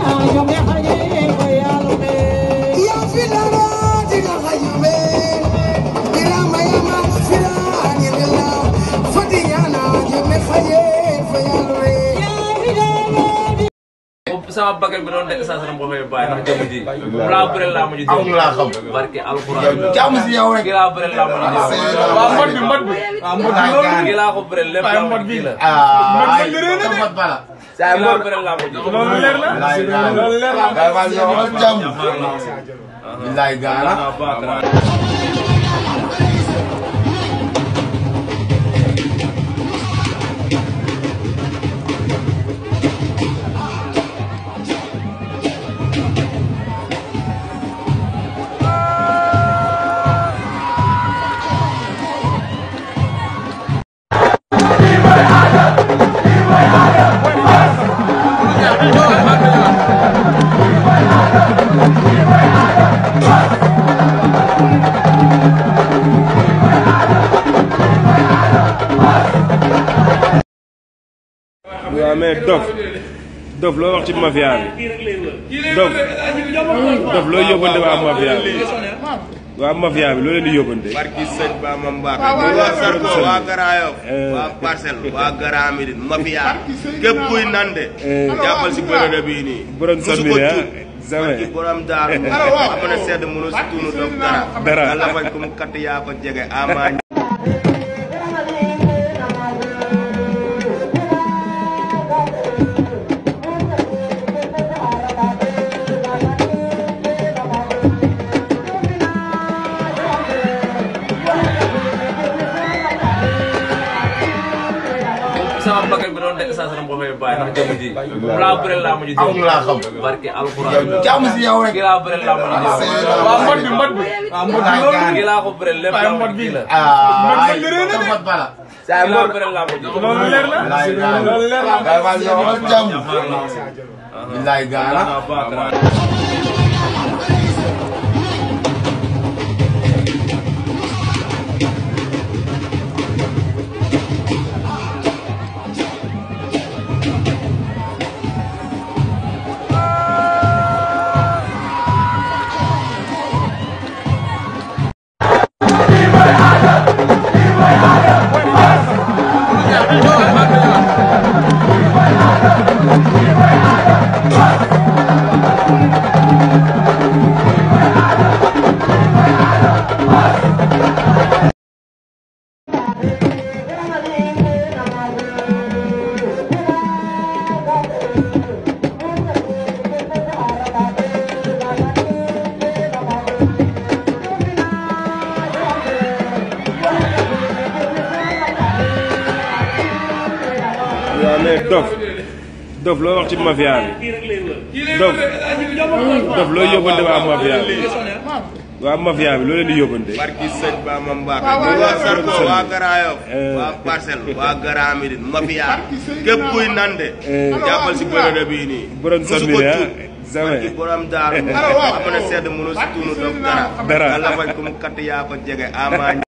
Ramana sama bakkan bi doon de saa sama mbokk yi bàyyi ndax jamono jii. laa bëre laa mujj dégg. amul laa xam barke alxuraan. jàmm si yow rek. kii laa bëre laa mujj dégg. waaw mot bi mot bi. waaw mot bi loolu. kii laa ko bëre lépp laa mot bi la. ah ay mot bala. saa mot bëre laa mujj dégg. loolu leer na loolu leer na. waaw waaw jàmm. bilaay gaara. mais dof dof loo wax ci mafia bi dof dof loo yóbbante waa mafia bi waa mafia bi loo leen di yóbbante. barki waa Sarko waa Grand Yoff eh. waa Parcelles waa Grand Médine mafia képp kuy nande eh. jàppal si bërëb bii nii. borom sàmm yi sëñ bi borom daaru xam sedd mënul si tuunu dof dara. dara nga lafañ ko katt yaa ko jege ama sama bakkan bi doon de saa sama mbokk yi bàyyi ndax jàmm ji. laa bëre laa mujj jëm amul laa xam. barke alxuraan jàmm si yow rek. kii laa bëre laa mujj jëm. waaw mot bi mot bi. waaw mot bi loolu kii laa ko bëre lépp laa mot ah, bi la. ah ay mot bala. saa mot bëre laa mujj jëm. loolu leer na loolu leer na. waaw waaw yow jàmm. bilaay gaana. waaw mais dof dof loo wax ci mafia bi dof dof loo yóbbante waa mafia bi waa mafia bi loo leen di yóbbante. barki sëñ Ba Mbacke. waa Sarko waa Garaayof. Eh. waa Parcelles waa Grand mafia képp kuy nande. Eh. jàppal si bërëb bii nii. borom sa mbir jamais borom daaru. waaw waaw xam nga ne sedd si tuunu dof dara. dara la fañ ko yaa ko jege ama